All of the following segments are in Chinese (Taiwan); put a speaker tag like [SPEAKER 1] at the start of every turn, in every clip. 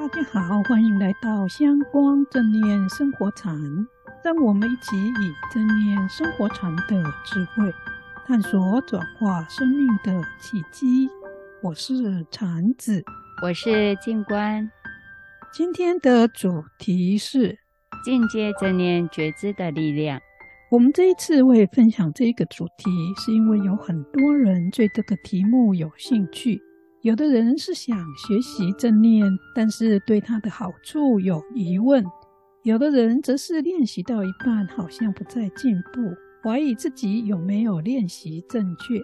[SPEAKER 1] 大家好，歡迎來到《香光正念生活禪》。讓我們一起以正念生活禪的智慧，探索轉化生命的契機。我是禪子，我是靜觀。今天的主題是：
[SPEAKER 2] 進階正念覺知的力量。
[SPEAKER 1] 我們這一次為分享這個主題，是因為有很多人對這個題目有興趣。有的人是想學習正念，但是對它的好處有疑問；有的人則是練習到一半，好像不再進步，懷疑自己有沒有練習正確；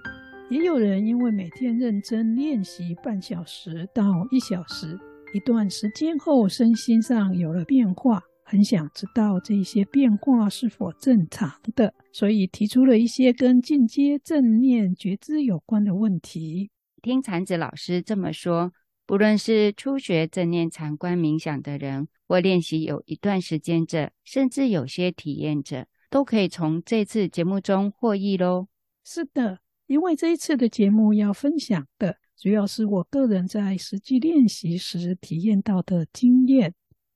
[SPEAKER 1] 也有人因為每天認真練習半小時到一小時，一段時間後身心上有了變化，很想知道這些變化是否正常的，所以提出了一些跟進階正念覺知有關的問題。
[SPEAKER 2] 聽禪子老師這麼說，不論是初學正念禪觀冥想的人，或練習有一段時間者，甚至有些體驗者，都可以從這次節目中獲益嘍。是的，
[SPEAKER 1] 因為這一次的節目要分享的，主要是我個人在實際練習時體驗到的經驗，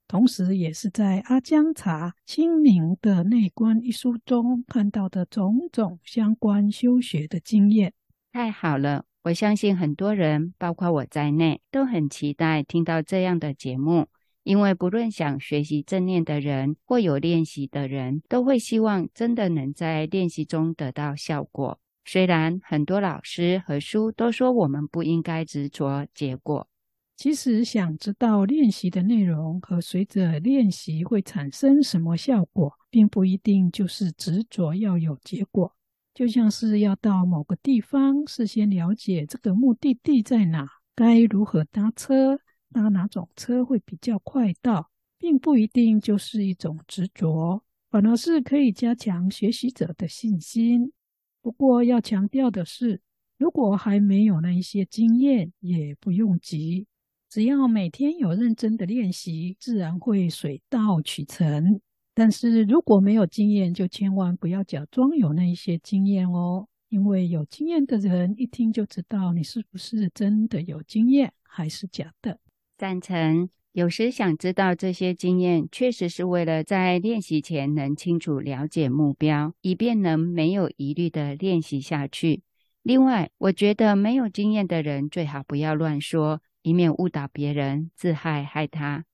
[SPEAKER 1] 同時也是在阿姜查《清明的內觀》一書中看到的種種相關修學的
[SPEAKER 2] 經驗。太好了。我相信很多人，包括我在內，都很期待聽到這樣的節目，因為不論想學習正念的人或有練習的人，都會希望真的能在練習中得到效果。雖然很多老師和書都說我們不應該執着結果，其
[SPEAKER 1] 實想知道練習的內容和隨着練習會產生什麼效果，並不一定就是執着要有結果。就像是要到某個地方，事先了解這個目的地在哪，該如何搭車，搭哪種車會比較快到，並不一定就是一種執着，反而是可以加強學習者的信心。不過要強調的是，如果還沒有那一些經驗，也不用急，只要每天有認真的練習，自然會水到渠成。但是如果沒有經驗，就千萬不要假裝有那一些經驗哦，因為有經驗的人一聽就知道你是不是真的有經驗，還是假的。
[SPEAKER 2] 贊成。有時想知道這些經驗，確實是為了在練習前能清楚了解目標，以便能沒有疑慮的練習下去。另外，我覺得沒有經驗的人最好不要亂說，以免誤導別人，自害害他。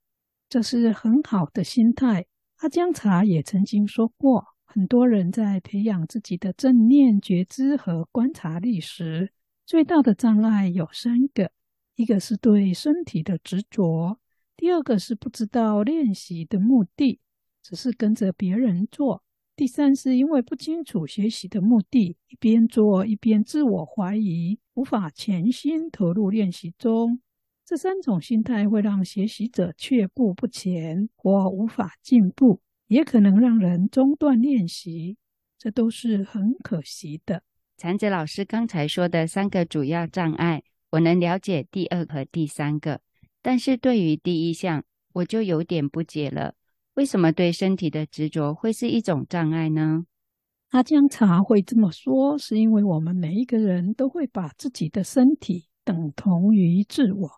[SPEAKER 1] 這是很好的心態。阿姜查也曾經說過，很多人在培養自己的正念覺知和觀察力時，最大的障礙有三個：一個是對身體的執着；第二個是不知道練習的目的，只是跟着別人做；第三是因為不清楚學習的目的，一邊做一邊自我懷疑，無法全心投入練習中。這三種心態會讓學習者卻步不前或無法進步，也可能讓人中斷練習，這都是很可惜的。
[SPEAKER 2] 禪子老師剛才說的三個主要障礙，我能了解第二和第三個，但是對於第一項，我就有點不解了。為什麼對身體的執着會是一種障礙呢？
[SPEAKER 1] 阿姜查會這麼說，是因為我們每一個人都會把自己的身體等同於自我，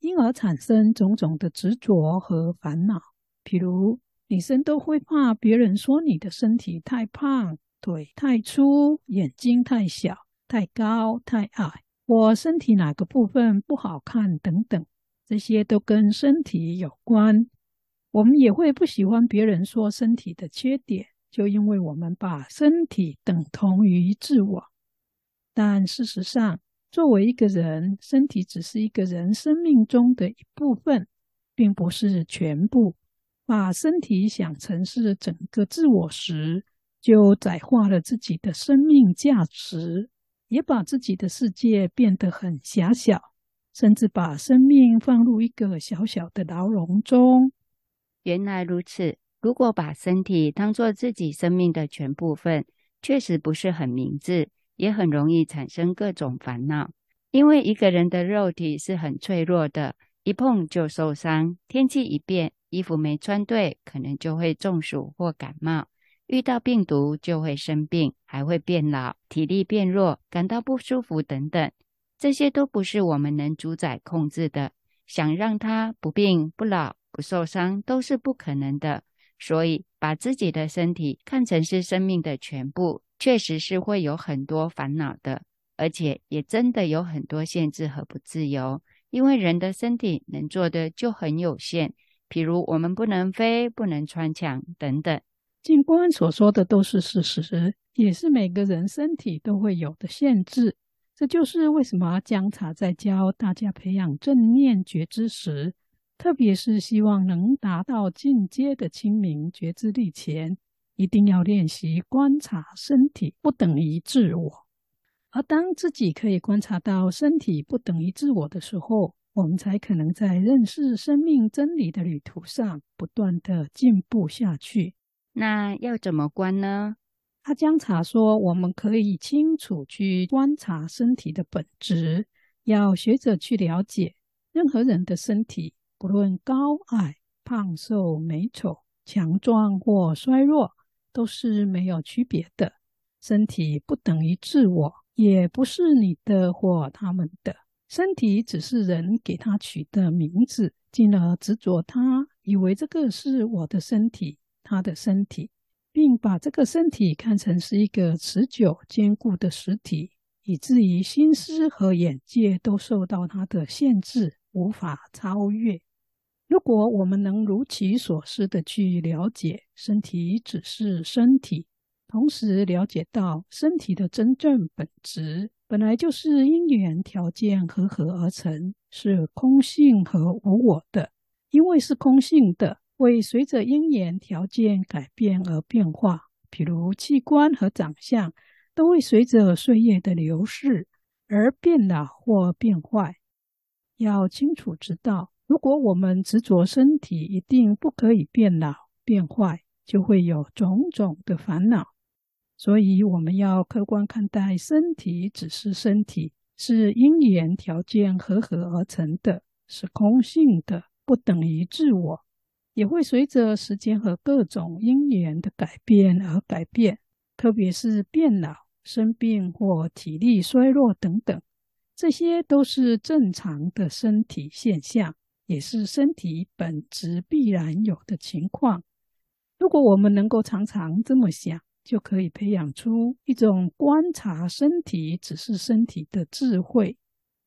[SPEAKER 1] 因而產生種種的執着和煩惱，譬如女生都會怕別人說你的身體太胖、腿太粗、眼睛太小、太高、太矮，我身體哪個部分不好看等等，這些都跟身體有關。我們也會不喜歡別人說身體的缺點，就因為我們把身體等同於自我。但事實上，作為一個人，身體只是一個人生命中的一部分，並不是全部。把身體想成是整個自我時，就窄化了自己的生命價值，也把自己的世界變得很狹小，甚至把生命放入一個小小的牢籠中。
[SPEAKER 2] 原來如此，如果把身體當作自己生命的全部份，確實不是很明智。也很容易產生各種煩惱，因為一個人的肉體是很脆弱的，一碰就受傷。天氣一變，衣服沒穿對，可能就會中暑或感冒；遇到病毒就會生病，還會變老、體力變弱、感到不舒服等等。這些都不是我們能主宰控制的，想讓他不病、不老、不受傷都是不可能的。所以，把自己的身體看成是生命的全部，確實是會有很多煩惱的，而且也真的有很多限制和不自由，因為人的身體能做的就很有限，比如我們不能飛、不能穿牆等等。
[SPEAKER 1] 儘管所說的都是事實，也是每個人身體都會有的限制。這就是為什麼姜查在教大家培養正念覺知時，特別是希望能達到進階的清明覺知力前。一定要練習觀察身體，不等於自我。而當自己可以觀察到身體不等於自我的時候，我們才可能在認識生命真理的旅途上不斷地進步下去。那要怎麼觀呢？阿姜查說，我們可以清楚去觀察身體的本質，要學着去了解任何人的身體，不論高矮、胖瘦、美醜、強壯或衰弱。都是沒有區別的，身體不等於自我，也不是你的或他們的，身體只是人給他取的名字，進而執着它，以為這個是我的身體，他的身體，並把這個身體看成是一個持久堅固的實體，以至於心思和眼界都受到它的限制，無法超越。如果我們能如其所思的去了解身體只是身體，同時了解到身體的真正本質本來就是因緣條件和合而成，是空性和無我的。因為是空性的，會隨着因緣條件改變而變化，比如器官和長相都會隨着歲月的流逝而變老或變壞。要清楚知道。如果我們執着身體，一定不可以變老、變壞，就會有種種的煩惱。所以，我們要客觀看待身體，只是身體是因緣條件和合而成的，是空性的，不等於自我，也會隨着時間和各種因緣的改變而改變。特別是變老、生病或體力衰弱等等，這些都是正常的身體現象。也是身體本質必然有的情況。如果我們能夠常常這麼想，就可以培養出一種觀察身體只是身體的智慧。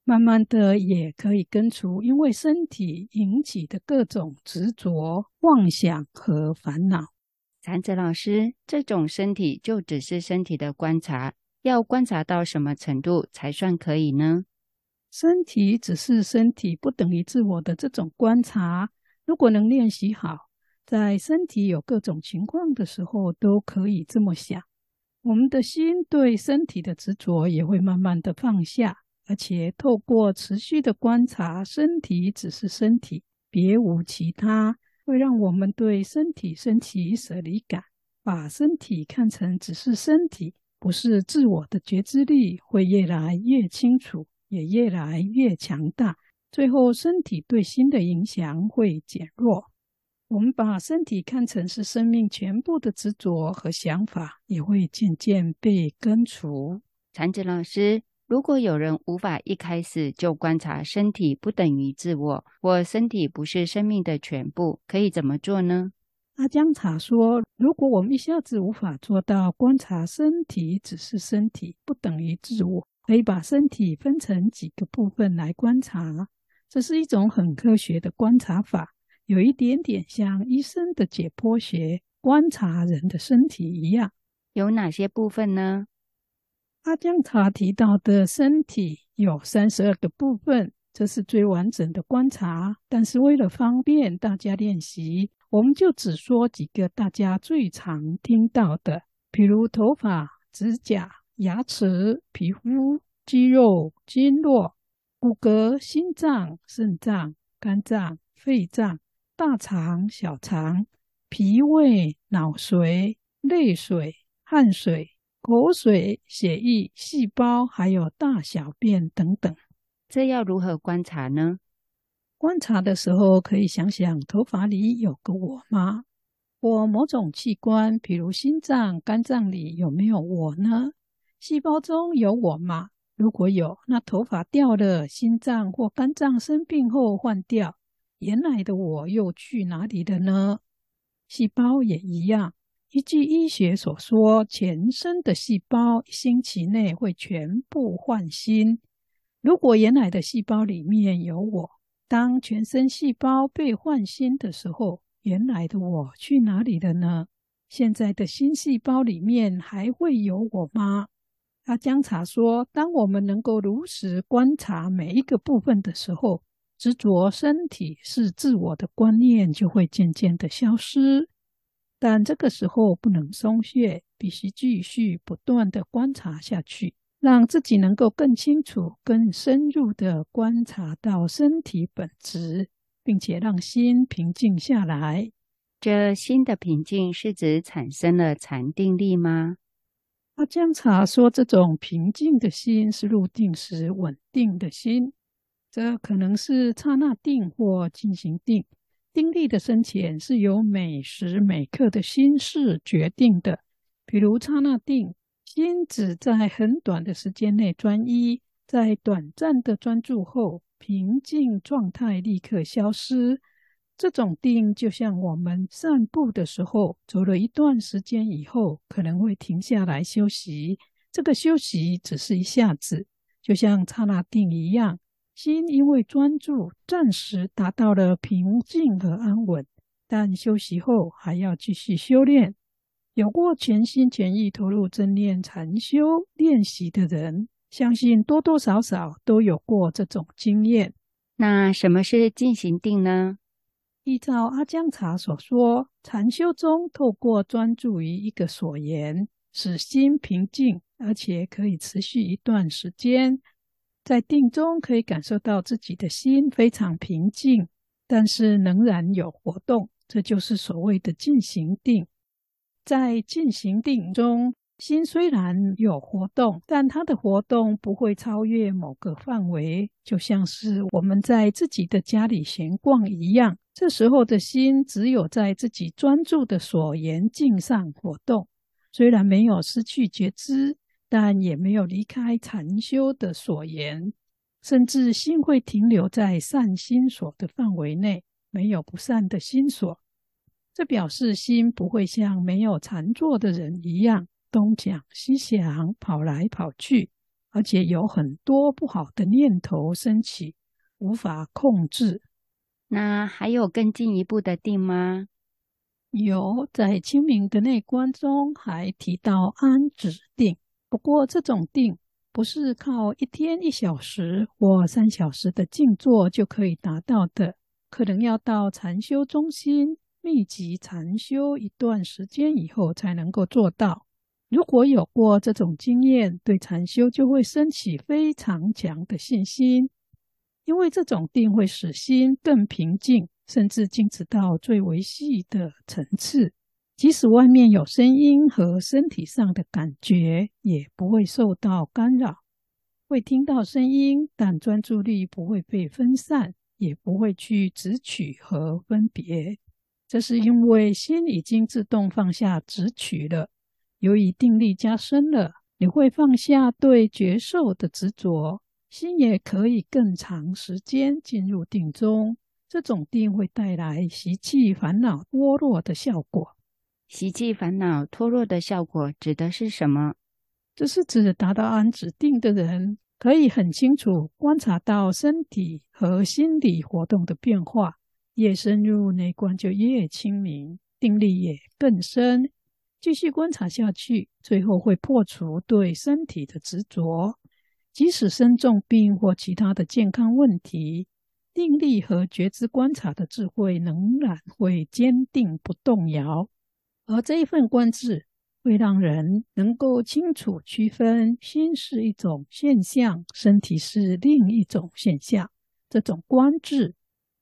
[SPEAKER 1] 慢慢的，也可以根除因為身體引起的各種執着、妄想和煩惱。
[SPEAKER 2] 禪子老師，這種身體就只是身體的觀察，要觀察到什麼程度才算可以呢？身體只是身體，不等於自我的這種
[SPEAKER 1] 觀察。如果能練習好，在身體有各種情況的時候，都可以這麼想。我們的心對身體的執着也會慢慢的放下，而且透過持續的觀察，身體只是身體，別無其他，會讓我們對身體升起捨離感，把身體看成只是身體，不是自我的覺知力會越來越清楚。也越來越強大，最後身體對心的影響會減弱。我們把身體看成是生命全部的執
[SPEAKER 2] 着和想法，也會漸漸被根除。禪子老師，如果有人無法一開始就觀察身體不等於自我，我身體不是生命的全部，可以怎麼做呢？阿姜查說：“如果我
[SPEAKER 1] 們一下子無法做到觀察身體只是身體，不等於自我。”可以把身體分成幾個部分來觀察，這是一種很科學的觀察法，有一點點像醫生的解剖學，觀察人的身體一樣。有哪些部分呢？阿姜查提到的身體有三十二個部分，這是最完整的觀察。但是為了方便大家練習，我們就只說幾個大家最常聽到的，比如頭髮、指甲。牙齒、皮膚、肌肉、經絡、骨骼、心臟、腎臟、肝臟、肺臟、大腸、小腸、脾胃、腦髓、淚水、汗水、口水、血液、細胞，還有大小便等等，這要如何觀察呢？觀察的時候可以想想，頭髮裡有個我嗎？我某種器官，比如心臟、肝臟裡有沒有我呢？細胞中有我嗎？如果有，那頭髮掉了，心臟或肝臟生病後換掉，原來的我又去哪裡了呢？細胞也一樣，依據醫學所說，全身的細胞一星期內會全部換新。如果原來的細胞裡面有我，當全身細胞被換新的時候，原來的我去哪裡了呢？現在的新細胞裡面還會有我嗎？阿姜查說：“當我們能夠如實觀察每一個部分的時候，執着身體是自我的觀念就會漸漸的消失。但這個時候不能鬆懈，必須繼續不斷的觀察下去，讓自己能夠更清楚、更深入的觀察到身體本質，並
[SPEAKER 2] 且讓心平靜下來。這心的平靜是指產生了禪定力嗎？”
[SPEAKER 1] 阿姜查說，這種平靜的心是入定時穩定的心，這可能是剎那定或近行定。定力的深淺是由每時每刻的心事決定的。比如剎那定，心只在很短的時間內專一，在短暫的專注後，平靜狀態立刻消失。這種定就像我們散步的時候，走了一段時間以後，可能會停下來休息。這個休息只是一下子，就像剎那定一樣，心因為專注，暫時達到了平靜和安穩。但休息後還要繼續修煉。有過全心全意投入正念禪修練習的人，相信多多少少都有過這種經驗。那什麼是近行定呢？依照阿姜查所說，禪修中透過專注於一個所緣，使心平靜，而且可以持續一段時間。在定中可以感受到自己的心非常平靜，但是仍然有活動，這就是所謂的近行定。在近行定中。心雖然有活動，但它的活動不會超越某個範圍，就像是我們在自己的家裡閒逛一樣。這時候的心只有在自己專注的所緣境上活動，雖然沒有失去覺知，但也沒有離開禪修的所緣，甚至心會停留在善心所的範圍內，沒有不善的心所。這表示心不會像沒有禪坐的人一樣。東想西想，跑來跑去，而且有很多不好的念頭升起，無法控制。
[SPEAKER 2] 那還有更進一步的定嗎？有，在《清明的內觀》
[SPEAKER 1] 中還提到安止定。不過，這種定不是靠一天一小時或三小時的靜坐就可以達到的，可能要到禪修中心密集禪修一段時間以後才能夠做到。如果有過這種經驗，對禪修就會升起非常強的信心，因為這種定會使心更平靜，甚至靜止到最微細的層次。即使外面有聲音和身體上的感覺，也不會受到干擾。會聽到聲音，但專注力不會被分散，也不會去執取和分別。這是因為心已經自動放下執取了。由於定力加深了，你會放下對覺受的執着，心也可以更長時間進入定中。這種定會帶來習氣煩惱脫落的效果。習氣煩惱脫落的效果指的是什麼？這是指達到安止定的人，可以很清楚觀察到身體和心理活動的變化。越深入內觀，就越清明，定力也更深。繼續觀察下去，最後會破除對身體的執着。即使生重病或其他的健康問題，定力和覺知觀察的智慧仍然會堅定不動搖。而這一份觀智，會讓人能夠清楚區分：心是一種現象，身體是另一種現象。這種觀智。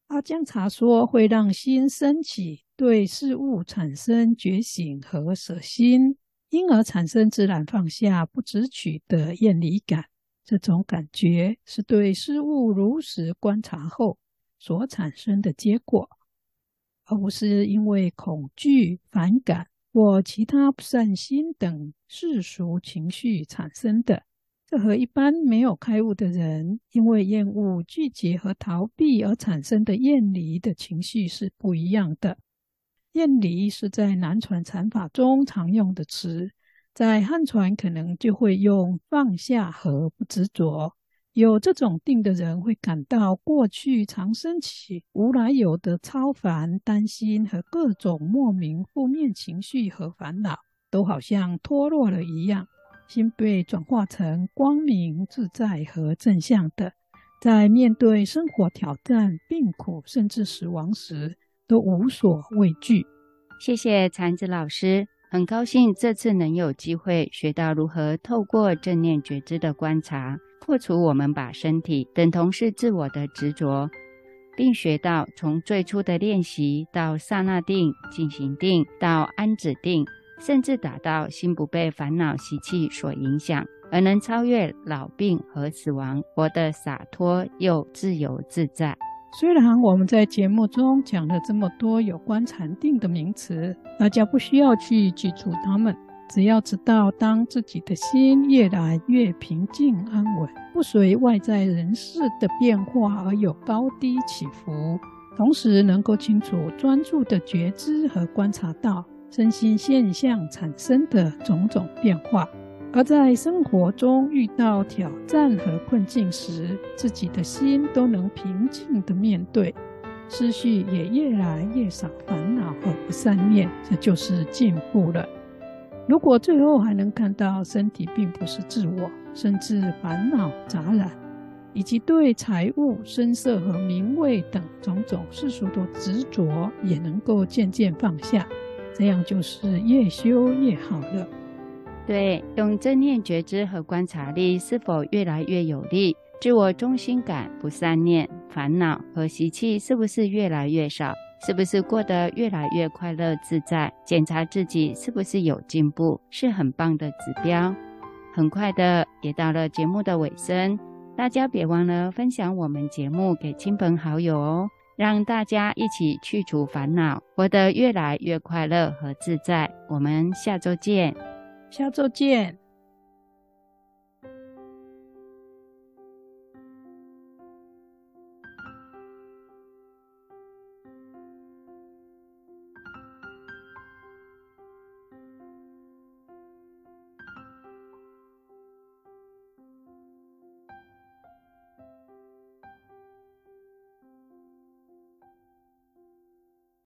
[SPEAKER 1] 阿姜查說，會讓心升起對事物產生覺醒和捨心，因而產生自然放下、不執取的厭離感。這種感覺是對事物如實觀察後所產生的結果，而不是因為恐懼、反感或其他不善心等世俗情緒產生的。這和一般沒有開悟的人，因為厭惡、拒絕和逃避而產生的厭離的情緒是不一樣的。厭離是在南傳禪法中常用的詞，在漢傳可能就會用放下和不執着。有這種定的人會感到過去常升起無來由的超凡、擔心和各種莫名負面情緒和煩惱，都好像脫落了一樣。心被轉化成光明、自在和正向的，在面對生活挑戰、病苦甚至死亡時，都無所畏懼。
[SPEAKER 2] 謝謝禪子老師，很高興這次能有機會學到如何透過正念覺知的觀察，破除我們把身體等同是自我的執着，並學到從最初的練習到剎那定、近行定到安止定。甚至達到心不被煩惱習氣所影響，而能超越老病和死亡，活得灑脫又自由自在。
[SPEAKER 1] 雖然我們在節目中講了這麼多有關禪定的名詞，大家不需要去記住它們，只要知道，當自己的心越來越平靜安穩，不隨外在人事的變化而有高低起伏，同時能夠清楚專注的覺知和觀察到，身心現象產生的種種變化，而在生活中遇到挑戰和困境時，自己的心都能平靜地面對，思緒也越來越少煩惱和不善念，這就是進步了。如果最後還能看到身體並不是自我，甚至煩惱雜染，以及對財物、聲色和名位等種種世俗的執着，也能夠漸漸放下。這樣就是越修越好了。
[SPEAKER 2] 對，用正念覺知和觀察力是否越來越有力？自我中心感、不善念、煩惱和習氣是不是越來越少？是不是過得越來越快樂自在？檢查自己是不是有進步，是很棒的指標。很快的，也到了節目的尾聲，大家別忘了分享我們節目給親朋好友哦。讓大家一起去除煩惱，活得越來越快樂和自在。我們下周見，下周見。